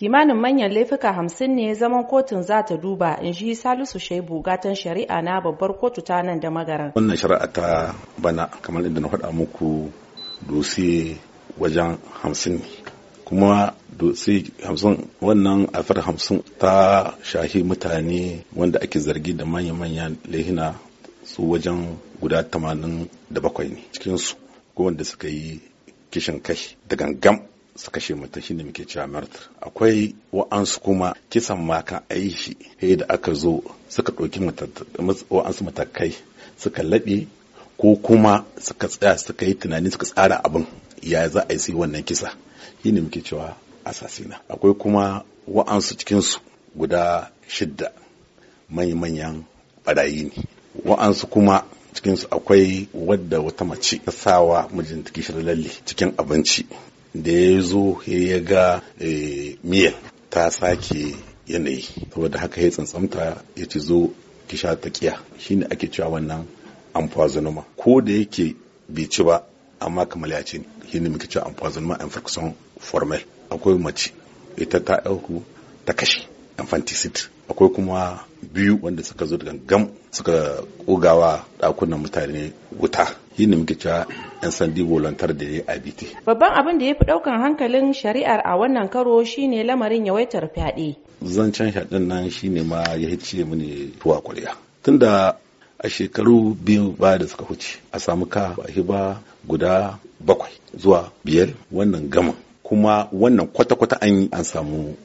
kimanin manyan laifuka hamsin ne zaman kotun za ta duba in ji salisu shaibu gatan shari'a na babbar kotu ta nan da magaran wannan shari'a ta bana kamar inda na faɗa muku dosi wajen hamsin kuma dosi hamsin wannan alfar hamsin ta shahi mutane wanda ake zargi da manyan manyan lehina su wajen guda tamanin da bakwai ne cikinsu ko suka yi kishin kai da gangam su kashe mutum shine muke cewa martir akwai wa'ansu kuma kisan ma kan aishi shi sai da aka zo suka ɗauki wa'ansu matakai suka laɓe ko kuma suka tsaya suka yi tunani suka tsara abin ya za a yi wannan kisa shine muke cewa asasina akwai kuma wa'ansu cikinsu guda shidda manya-manyan barayi ne wa'ansu kuma cikinsu akwai wadda wata mace ta sawa mijinta lalle cikin abinci da ya zo ya ga eh, miyar. ta sake yanayi saboda haka ya tsantsamta ya ci zo ki sha takiya shine ake cewa wannan amfazonoma ko da yake bai ci ba amma kamar ya ce shine muke cewa amfazonoma infection formal akwai mace ita ta ɗauku ta kashe infanticid akwai kuma biyu wanda suka zo daga gam suka kogawa dakunan mutane wuta yi ne muke cewa 'yan sandi volantar da ya abiti. Babban abin da ya fi daukan hankalin shari'ar a wannan karo shine lamarin yawaitar fyaɗe. Zancen shaɗin nan shine ma ya ce mini tuwa kwarya. Tunda a shekaru biyu ba da suka huce a samu ka ba ba guda bakwai zuwa biyar wannan gama kuma wannan kwata-kwata an yi an samu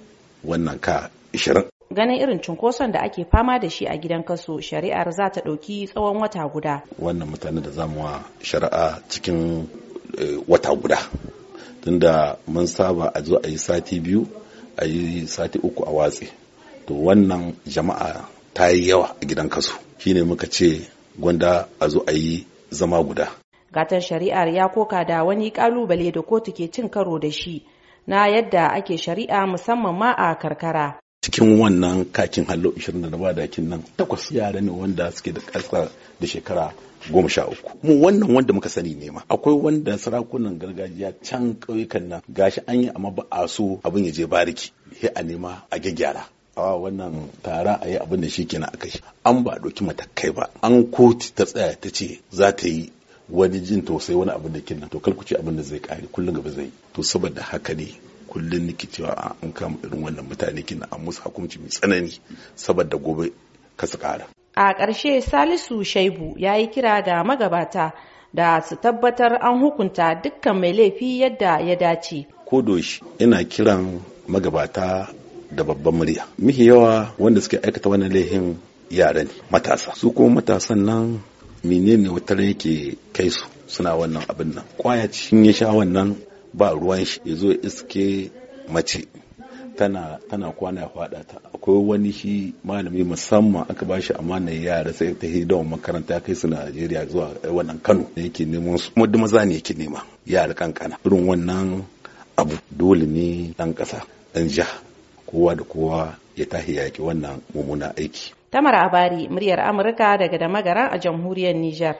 wannan ka 20. Ganin irin cunkoson da ake fama da shi a gidan kaso shari'ar za ta ɗauki tsawon wata guda. Wannan mutane da zamuwa shari'a cikin eh, wata guda. Tunda mun saba a zo a yi sati biyu a yi sati uku a watsi. To wannan jama'a ta yi yawa a gidan kaso. Shine muka ce gwanda a zo a yi zama guda. Gatan shari'ar ya koka da wani kalubale da kotu ke cin karo da shi. na yadda ake shari'a musamman ma a karkara. cikin wannan kakin hallo 27 dakin nan takwas yara ne wanda suke da ƙasa da shekara goma sha uku mu wannan wanda muka sani ne ma akwai wanda sarakunan gargajiya can ƙauyukan nan gashi an yi amma ba a so abin ya je bariki he a nema a gyaggyara a wannan tara a yi abin da shi kenan aka shi an ba ɗauki matakai ba an koti ta tsaya ta ce za ta yi wani jin tausayi wani abin da kin to kalkuci abin da zai kare kullum gaba zai to saboda haka ne kullum nake cewa an kama irin wannan mutane kina an musu hukunci mai tsanani saboda gobe kasa kara a ƙarshe salisu shaibu ya yi kira ga magabata da su tabbatar an hukunta dukkan mai laifi yadda ya dace Kodoshi yana ina kiran magabata da babban murya muke yawa wanda suke aikata wannan laifin yara ne matasa su kuma matasan nan menene wutar yake kai su suna wannan abin nan kwaya cikin ya sha wannan ba ruwan shi ya zo iske mace tana kwana ya fada ta akwai wani shi malami musamman aka ba bashi amana yara sai ta hidon makaranta ya kai su Najeriya zuwa wannan Kano ne yake neman su muddin maza ne yake nema yara kankana irin wannan abu dole ne dan ƙasa dan jiha kowa da kowa ya tahi yaki wannan mummuna aiki Tamar Abari muryar Amurka daga da a jamhuriyar Nijar